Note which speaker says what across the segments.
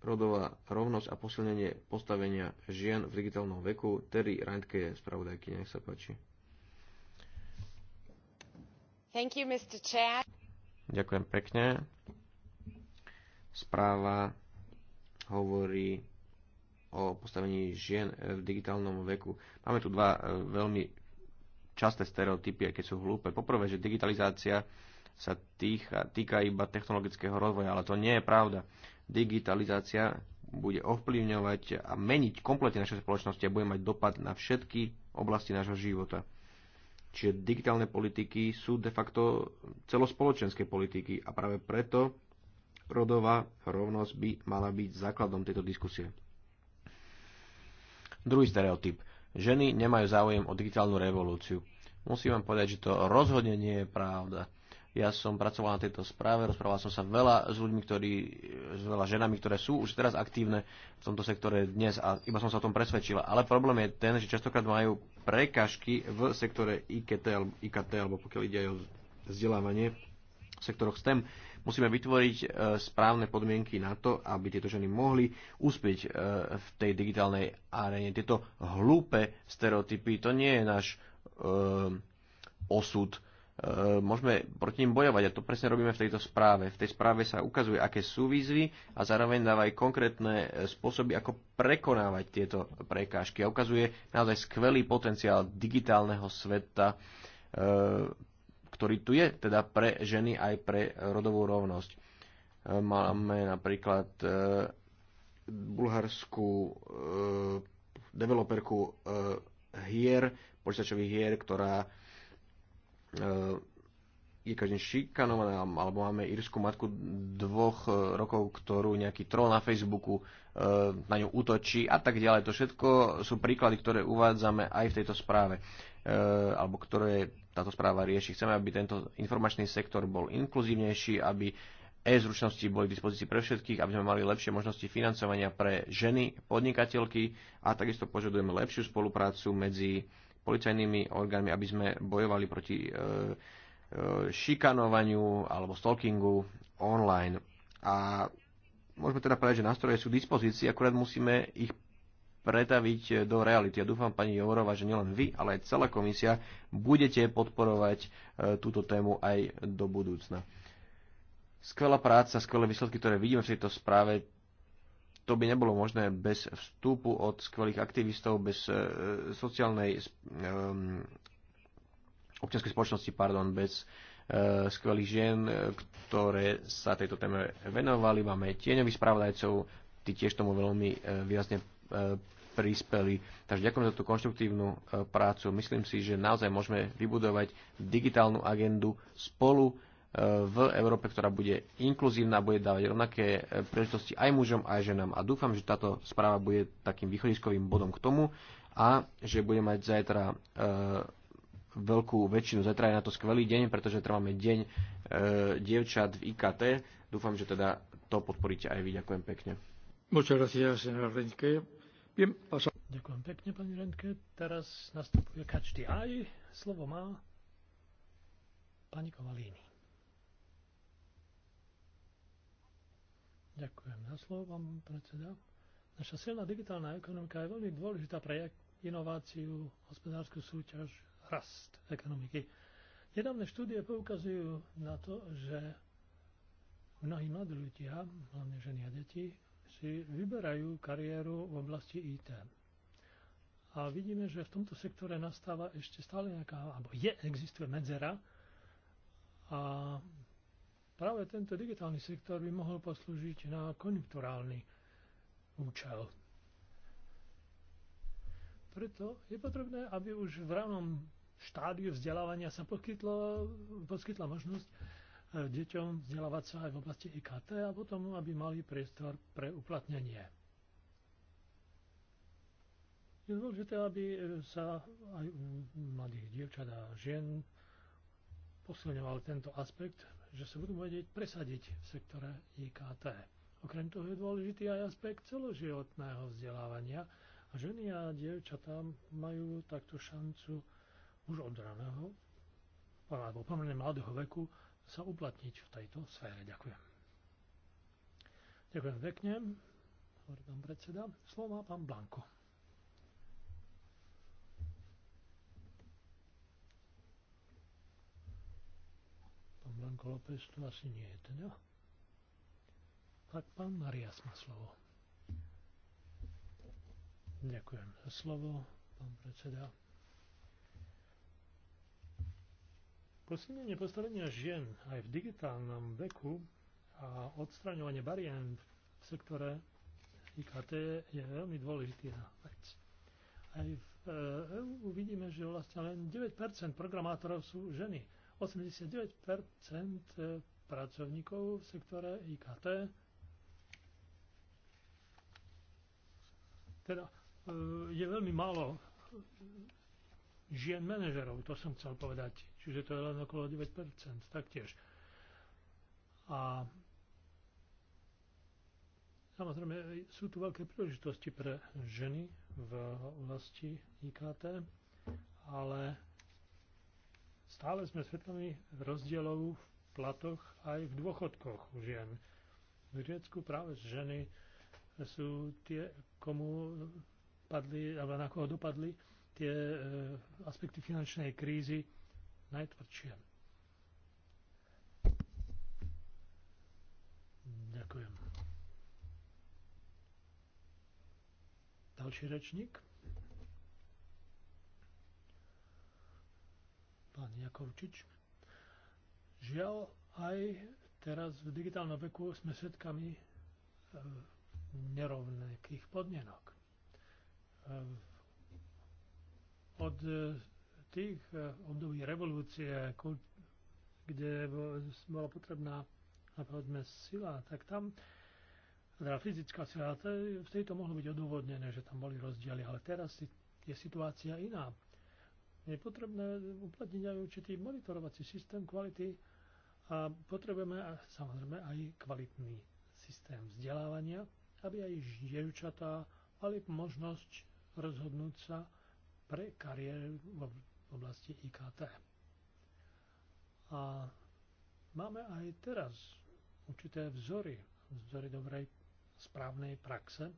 Speaker 1: rodová rovnosť a posilnenie postavenia žien v digitálnom veku. Terry Reintke je spravodajky, nech sa páči.
Speaker 2: Thank you, Mr. Chair.
Speaker 1: Ďakujem pekne. Správa hovorí o postavení žien v digitálnom veku. Máme tu dva e, veľmi časté stereotypy, keď sú hlúpe. Poprvé, že digitalizácia sa týka, týka iba technologického rozvoja, ale to nie je pravda digitalizácia bude ovplyvňovať a meniť kompletne naše spoločnosti a bude mať dopad na všetky oblasti nášho života. Čiže digitálne politiky sú de facto celospoločenské politiky a práve preto rodová rovnosť by mala byť základom tejto diskusie. Druhý stereotyp. Ženy nemajú záujem o digitálnu revolúciu. Musím vám povedať, že to rozhodne nie je pravda ja som pracoval na tejto správe, rozprával som sa veľa s ľuďmi, ktorí, s veľa ženami, ktoré sú už teraz aktívne v tomto sektore dnes a iba som sa o tom presvedčila. Ale problém je ten, že častokrát majú prekažky v sektore IKT, alebo, IKT, alebo pokiaľ ide aj o vzdelávanie v sektoroch STEM. Musíme vytvoriť e, správne podmienky na to, aby tieto ženy mohli uspieť e, v tej digitálnej aréne. Tieto hlúpe stereotypy, to nie je náš e, osud. E, môžeme proti ním bojovať. A to presne robíme v tejto správe. V tej správe sa ukazuje, aké sú výzvy a zároveň dáva aj konkrétne e, spôsoby, ako prekonávať tieto prekážky. A ukazuje naozaj skvelý potenciál digitálneho sveta, e, ktorý tu je, teda pre ženy aj pre rodovú rovnosť. Máme napríklad bulharskú developerku hier, počítačových hier, ktorá Eh, je každým šikanovaná, alebo máme írsku matku dvoch eh, rokov, ktorú nejaký troll na Facebooku eh, na ňu útočí a tak ďalej. To všetko sú príklady, ktoré uvádzame aj v tejto správe, alebo ktoré táto správa rieši. Chceme, aby tento informačný sektor bol inkluzívnejší, aby e-zručnosti boli k dispozícii pre všetkých, aby sme mali lepšie možnosti financovania pre ženy, podnikateľky a takisto požadujeme lepšiu spoluprácu medzi policajnými orgánmi, aby sme bojovali proti e, e, šikanovaniu alebo stalkingu online. A môžeme teda povedať, že nástroje sú v dispozícii, akurát musíme ich pretaviť do reality. Ja dúfam, pani Jovorová, že nielen vy, ale aj celá komisia budete podporovať e, túto tému aj do budúcna. Skvelá práca, skvelé výsledky, ktoré vidíme v tejto správe, to by nebolo možné bez vstupu od skvelých aktivistov, bez e, sociálnej e, občianskej spoločnosti, pardon, bez e, skvelých žien, ktoré sa tejto téme venovali. Máme tieňových spravodajcov, tí tiež tomu veľmi výrazne prispeli. Takže ďakujem za tú konštruktívnu prácu. Myslím si, že naozaj môžeme vybudovať digitálnu agendu spolu v Európe, ktorá bude inkluzívna a bude dávať rovnaké e, príležitosti aj mužom, aj ženám. A dúfam, že táto správa bude takým východiskovým bodom k tomu a že bude mať zajtra e, veľkú väčšinu. Zajtra je na to skvelý deň, pretože zajtra máme deň e, dievčat v IKT. Dúfam, že teda to podporíte aj vy. Ďakujem pekne.
Speaker 2: Ďakujem pekne, pani Renke. Teraz nastupuje každý aj. Slovo má pani Kovalíny. Ďakujem za slovo, pán predseda. Naša silná digitálna ekonomika je veľmi dôležitá pre inováciu, hospodárskú súťaž, rast ekonomiky. Nedávne štúdie poukazujú na to, že mnohí mladí ľudia, hlavne ženy a deti, si vyberajú kariéru v oblasti IT. A vidíme, že v tomto sektore nastáva ešte stále nejaká, alebo je, existuje medzera a Práve tento digitálny sektor by mohol poslúžiť na konjunkturálny účel. Preto je potrebné, aby už v ranom štádiu vzdelávania sa poskytlo, poskytla možnosť eh, deťom vzdelávať sa aj v oblasti IKT a potom, aby mali priestor pre uplatnenie. Je dôležité, aby sa aj u mladých dievčat a žien posilňoval tento aspekt, že sa budú vedieť presadiť v sektore IKT. Okrem toho je dôležitý aj aspekt celoživotného vzdelávania a ženy a dievčatá majú takto šancu už od raného alebo pomerne mladého veku sa uplatniť v tejto sfére. Ďakujem. Ďakujem pekne. Hovorí pán predseda. Slovo má pán Blanko. Blanko López tu asi nie je teda. Tak pán Marias má slovo. Ďakujem za slovo, pán predseda. Posilnenie postavenia žien aj v digitálnom veku a odstraňovanie bariem v sektore IKT je veľmi dôležitá vec. Aj v EU e vidíme, že vlastne len 9% programátorov sú ženy 89 eh, pracovníkov v sektore IKT teda eh, je veľmi málo eh, žien manažerov, to som chcel povedať. Čiže to je len okolo 9% taktiež. A samozrejme sú tu veľké príležitosti pre ženy v oblasti IKT, ale Stále sme svetlami rozdielov v platoch aj v dôchodkoch u žien. V Grécku práve ženy sú tie, komu padli, alebo na koho dopadli tie e, aspekty finančnej krízy najtvrdšie. Ďakujem. Ďalší rečník. pán Jakovčič. Žiaľ, aj teraz v digitálnom veku sme svetkami e, nerovnakých podmienok. E, od e, tých období revolúcie, kde bola potrebná povedzme sila, tak tam teda fyzická sila, v tejto mohlo byť odôvodnené, že tam boli rozdiely, ale teraz je situácia iná je potrebné uplatniť aj určitý monitorovací systém kvality a potrebujeme samozrejme aj kvalitný systém vzdelávania, aby aj dievčatá mali možnosť rozhodnúť sa pre kariéru v oblasti IKT. A máme aj teraz určité vzory, vzory dobrej správnej praxe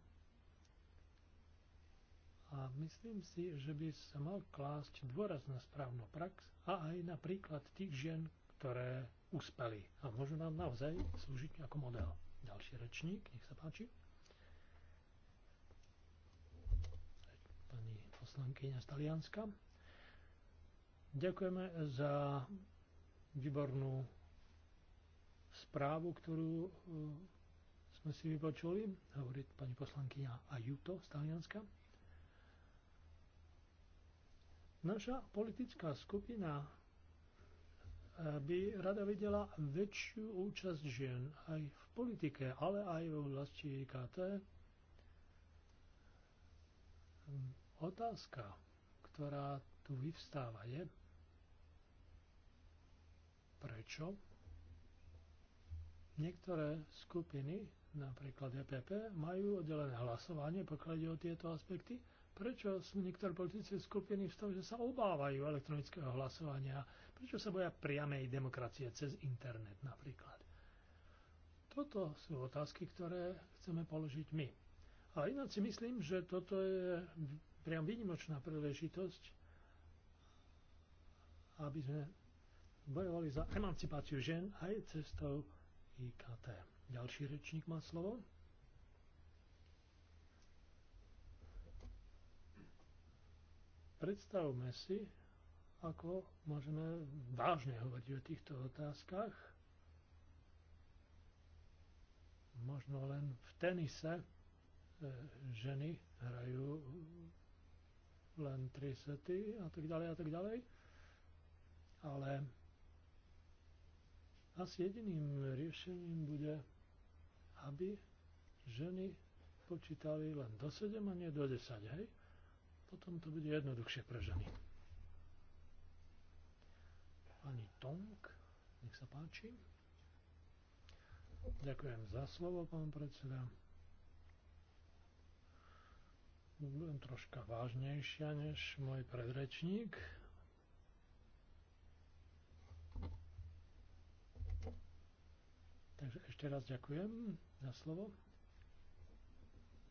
Speaker 2: a myslím si, že by sa mal klásť dôraz na správnu prax a aj na príklad tých žien, ktoré uspeli a môžu nám naozaj slúžiť ako model. Ďalší rečník, nech sa páči. Pani poslankyňa z Talianska. Ďakujeme za výbornú správu, ktorú e, sme si vypočuli, hovorí pani poslankyňa Ajuto z Talianska. Naša politická skupina eh, by rada videla väčšiu účasť žien aj v politike, ale aj v oblasti IKT. Otázka, ktorá tu vyvstáva, je, prečo niektoré skupiny napríklad EPP, majú oddelené hlasovanie, pokiaľ ide o tieto aspekty. Prečo sú niektoré politické skupiny v tom, že sa obávajú elektronického hlasovania? Prečo sa boja priamej demokracie cez internet napríklad? Toto sú otázky, ktoré chceme položiť my. A ináč si myslím, že toto je priam výnimočná príležitosť, aby sme bojovali za emancipáciu žien aj cestou IKT. Ďalší rečník má slovo. Predstavme si, ako môžeme vážne hovoriť o týchto otázkach. Možno len v tenise e, ženy hrajú len tri sety a tak ďalej a tak ďalej. Ale asi jediným riešením bude aby ženy počítali len do 7 a nie do 10, hej? Potom to bude jednoduchšie pre ženy. Pani Tomk. nech sa páči. Ďakujem za slovo, pán predseda. Budem troška vážnejšia než môj predrečník. Ešte raz ďakujem za slovo.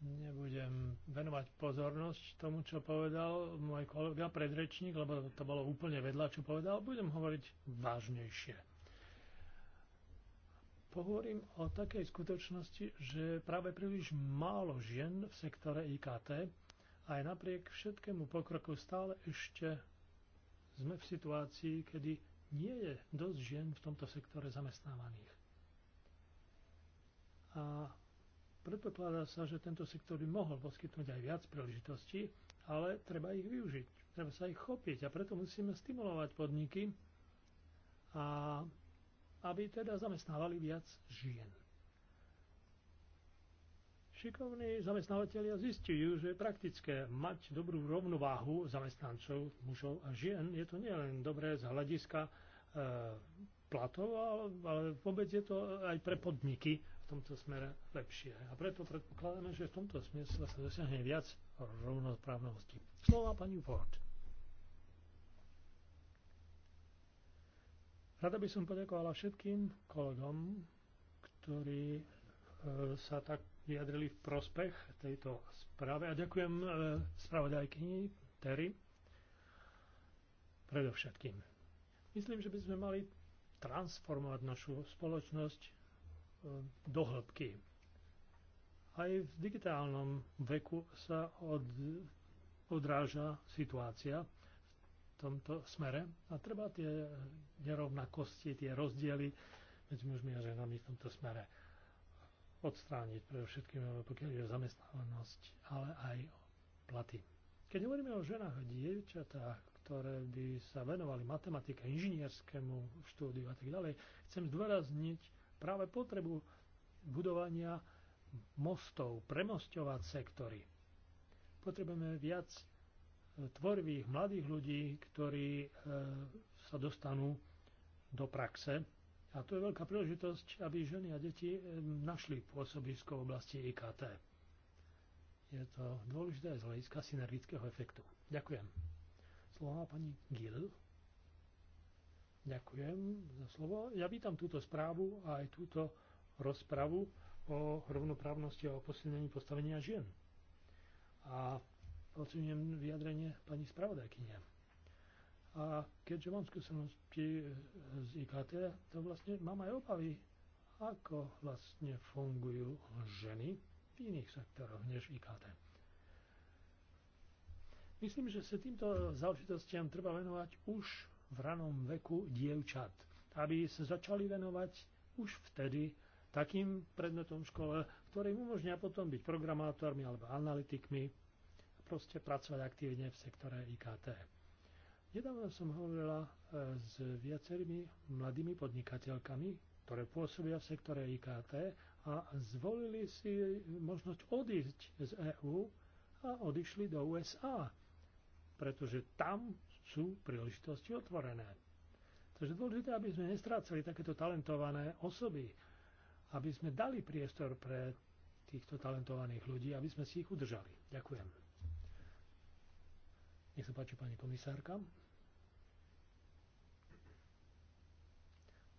Speaker 2: Nebudem venovať pozornosť tomu, čo povedal môj kolega predrečník, lebo to bolo úplne vedľa, čo povedal. Budem hovoriť vážnejšie. Pohovorím o takej skutočnosti, že práve príliš málo žien v sektore IKT aj napriek všetkému pokroku stále ešte sme v situácii, kedy nie je dosť žien v tomto sektore zamestnávaných a predpokladá sa, že tento sektor by mohol poskytnúť aj viac príležitostí, ale treba ich využiť, treba sa ich chopiť a preto musíme stimulovať podniky, a aby teda zamestnávali viac žien. Šikovní zamestnávateľia zistujú, že je praktické mať dobrú rovnováhu zamestnancov, mužov a žien. Je to nielen dobré z hľadiska e, platov, ale, ale vôbec je to aj pre podniky tomto smere lepšie. A preto predpokladáme, že v tomto smysle sa dosiahne viac rovnoprávnosti. Slova pani Ford. Rada by som poďakovala všetkým kolegom, ktorí e, sa tak vyjadrili v prospech tejto správe. A ďakujem e, spravodajkyni Terry predovšetkým. Myslím, že by sme mali transformovať našu spoločnosť do hĺbky. Aj v digitálnom veku sa od, odráža situácia v tomto smere a treba tie nerovnakosti, tie rozdiely medzi mužmi a ženami v tomto smere odstrániť pre všetkým, pokiaľ je zamestnanosť, ale aj platy. Keď hovoríme o ženách a dievčatách, ktoré by sa venovali matematike, inžinierskému štúdiu a tak ďalej, chcem zdôrazniť práve potrebu budovania mostov, premostovať sektory. Potrebujeme viac e, tvorivých mladých ľudí, ktorí e, sa dostanú do praxe. A to je veľká príležitosť, aby ženy a deti e, našli pôsobisko v oblasti IKT. Je to dôležité z hľadiska synergického efektu. Ďakujem. Slovo má pani Gill. Ďakujem za slovo. Ja vítam túto správu a aj túto rozpravu o rovnoprávnosti a o posilnení postavenia žien. A ocením vyjadrenie pani spravodajkyne. A keďže mám skúsenosti z IKT, to vlastne mám aj obavy, ako vlastne fungujú ženy v iných sektoroch než IKT. Myslím, že sa týmto záležitostiam treba venovať už v ranom veku dievčat, aby sa začali venovať už vtedy takým predmetom v škole, ktorý umožnia umožňa potom byť programátormi alebo analytikmi a proste pracovať aktívne v sektore IKT. Nedávno som hovorila e, s viacerými mladými podnikateľkami, ktoré pôsobia v sektore IKT a zvolili si možnosť odísť z EÚ a odišli do USA, pretože tam sú príležitosti otvorené. Takže dôležité, aby sme nestrácali takéto talentované osoby, aby sme dali priestor pre týchto talentovaných ľudí, aby sme si ich udržali. Ďakujem. Nech sa páči, pani komisárka.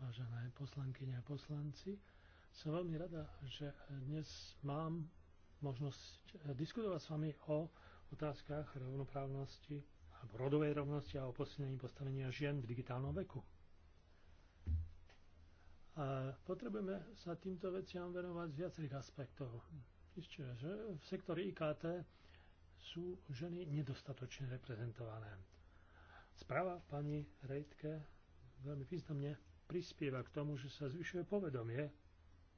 Speaker 2: Vážené poslankyne a poslanci, som veľmi rada, že dnes mám možnosť diskutovať s vami o otázkach rovnoprávnosti rodovej rovnosti a o posilnení postavenia žien v digitálnom veku. A potrebujeme sa týmto veciam venovať z viacerých aspektov. Isté, že v sektore IKT sú ženy nedostatočne reprezentované. Správa pani Rejtke veľmi významne prispieva k tomu, že sa zvyšuje povedomie,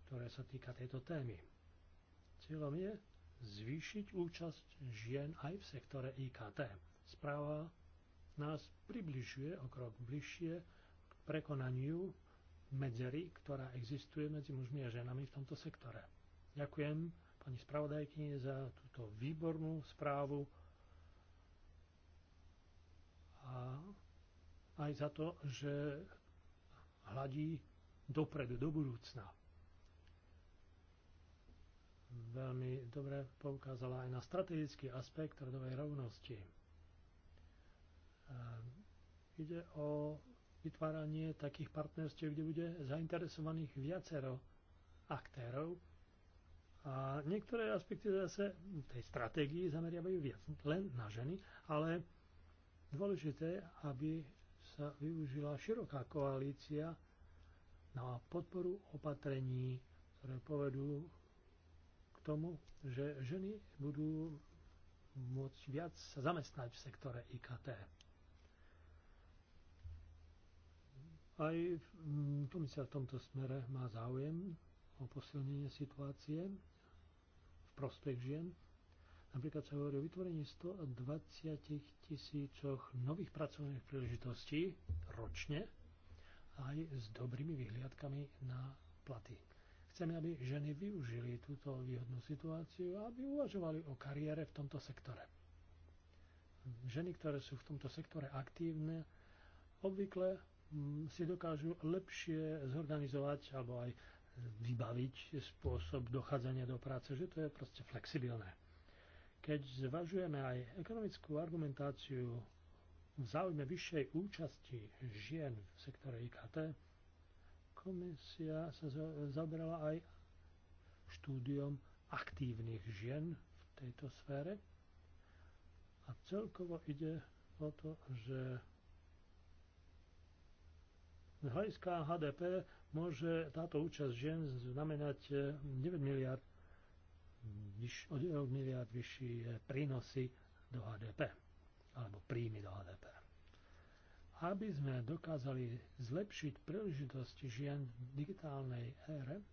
Speaker 2: ktoré sa týka tejto témy. Cieľom je zvýšiť účasť žien aj v sektore IKT správa nás približuje o krok bližšie k prekonaniu medzery, ktorá existuje medzi mužmi a ženami v tomto sektore. Ďakujem pani spravodajkyni za túto výbornú správu a aj za to, že hladí dopredu, do budúcna. Veľmi dobre poukázala aj na strategický aspekt rodovej rovnosti. Ehm, ide o vytváranie takých partnerstiev, kde bude zainteresovaných viacero aktérov. A niektoré aspekty zase tej stratégii zameriavajú viac len na ženy, ale dôležité, aby sa využila široká koalícia na podporu opatrení, ktoré povedú k tomu, že ženy budú môcť viac sa zamestnať v sektore IKT. Aj komisia mm, v tomto smere má záujem o posilnenie situácie v prospech žien. Napríklad sa hovorí o vytvorení 120 tisícoch nových pracovných príležitostí ročne aj s dobrými vyhliadkami na platy. Chceme, aby ženy využili túto výhodnú situáciu a aby uvažovali o kariére v tomto sektore. Ženy, ktoré sú v tomto sektore aktívne, obvykle Mm, si dokážu lepšie zorganizovať alebo aj vybaviť spôsob dochádzania do práce, že to je proste flexibilné. Keď zvažujeme aj ekonomickú argumentáciu v záujme vyššej účasti žien v sektore IKT, komisia sa zaoberala aj štúdiom aktívnych žien v tejto sfére a celkovo ide o to, že z hľadiska HDP môže táto účasť žien znamenať 9 e, miliard, o 9 miliard vyšší e, prínosy do HDP alebo príjmy do HDP. Aby sme dokázali zlepšiť príležitosti žien v digitálnej ére,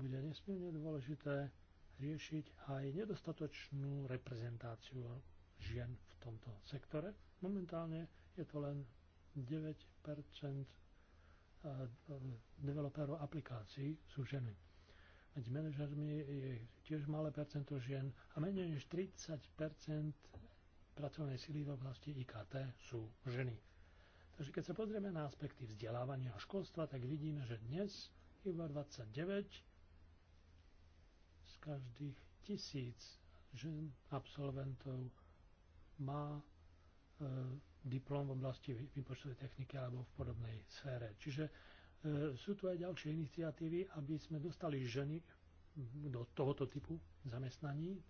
Speaker 2: bude nesmierne dôležité riešiť aj nedostatočnú reprezentáciu žien v tomto sektore. Momentálne je to len 9 developerov aplikácií sú ženy. Medzi manažermi je tiež malé percento žien a menej než 30 pracovnej sily v oblasti IKT sú ženy. Takže keď sa pozrieme na aspekty vzdelávania a školstva, tak vidíme, že dnes iba 29 z každých tisíc žen absolventov má e, diplom v oblasti výpočtovej techniky alebo v podobnej sfére. Čiže e, sú tu aj ďalšie iniciatívy, aby sme dostali ženy do tohoto typu zamestnaní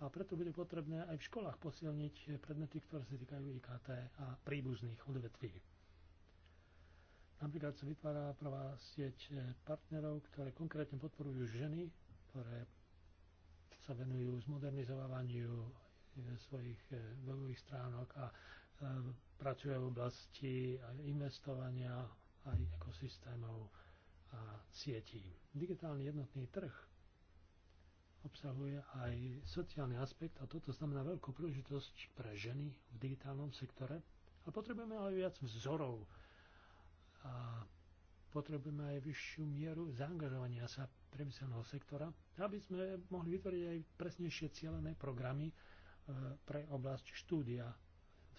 Speaker 2: a preto bude potrebné aj v školách posilniť predmety, ktoré sa týkajú IKT a príbuzných odvetví. Napríklad sa vytvára prvá sieť e, partnerov, ktoré konkrétne podporujú ženy, ktoré sa venujú zmodernizovaniu e, svojich e, webových stránok a Ehm, pracuje v oblasti aj investovania, aj ekosystémov a sietí. Digitálny jednotný trh obsahuje aj sociálny aspekt a toto znamená veľkú príležitosť pre ženy v digitálnom sektore. A potrebujeme ale viac vzorov a potrebujeme aj vyššiu mieru zaangažovania sa priemyselného sektora, aby sme mohli vytvoriť aj presnejšie cieľené programy ehm, pre oblasť štúdia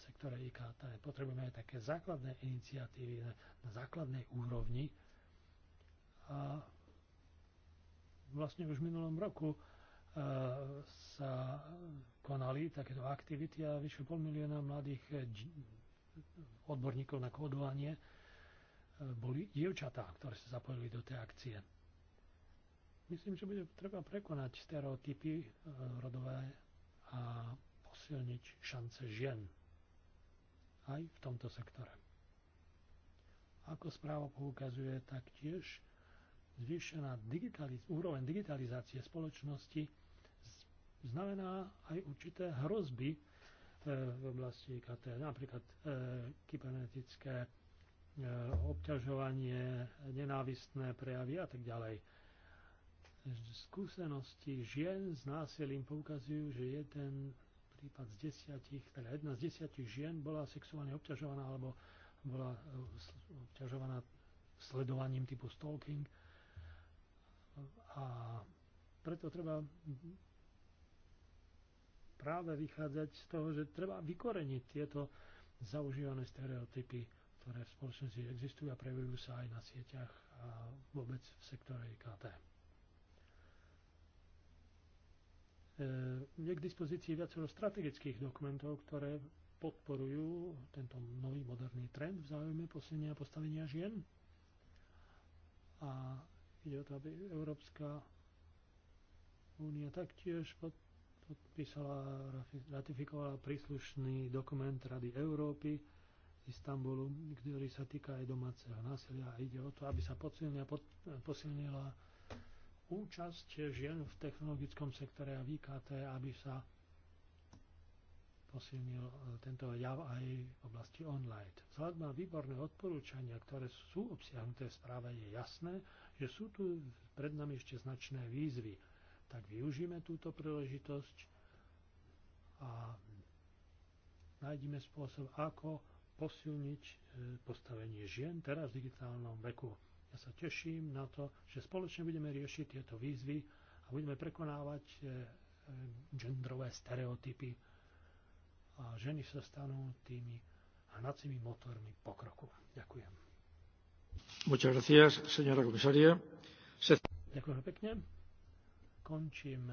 Speaker 2: sektore IKT. Potrebujeme aj také základné iniciatívy na, na základnej úrovni. A vlastne už v minulom roku e, sa konali takéto aktivity a vyše pol milióna mladých e, odborníkov na kódovanie e, boli dievčatá, ktoré sa zapojili do tej akcie. Myslím, že bude treba prekonať stereotypy rodové a posilniť šance žien aj v tomto sektore. Ako správa poukazuje, taktiež zvýšená digitaliz- úroveň digitalizácie spoločnosti znamená aj určité hrozby e, v oblasti IKT, napríklad e, kybernetické e, obťažovanie, nenávistné prejavy a tak ďalej. Skúsenosti žien s násilím poukazujú, že jeden prípad z desiatich, teda jedna z desiatich žien bola sexuálne obťažovaná alebo bola e, obťažovaná sledovaním typu stalking. A preto treba práve vychádzať z toho, že treba vykoreniť tieto zaužívané stereotypy, ktoré v spoločnosti existujú a prejavujú sa aj na sieťach a vôbec v sektore IKT. E, je k dispozícii viacero strategických dokumentov, ktoré podporujú tento nový moderný trend v záujme posilnenia postavenia žien. A ide o to, aby Európska únia taktiež podpísala, ratifikovala príslušný dokument Rady Európy Istanbulu, ktorý sa týka aj domáceho násilia. Ide o to, aby sa posilnila, pod, posilnila účasť žien v technologickom sektore a VKT, aby sa posilnil e, tento jav aj v oblasti online. Vzhľad na výborné odporúčania, ktoré sú obsiahnuté v správe, je jasné, že sú tu pred nami ešte značné výzvy. Tak využíme túto príležitosť a nájdime spôsob, ako posilniť e, postavenie žien teraz v digitálnom veku. Ja sa teším na to, že spoločne budeme riešiť tieto výzvy a budeme prekonávať e, e, genderové stereotypy a ženy sa stanú tými hnacími motormi pokroku. Ďakujem. Muchas gracias, señora Ďakujem pekne. Končím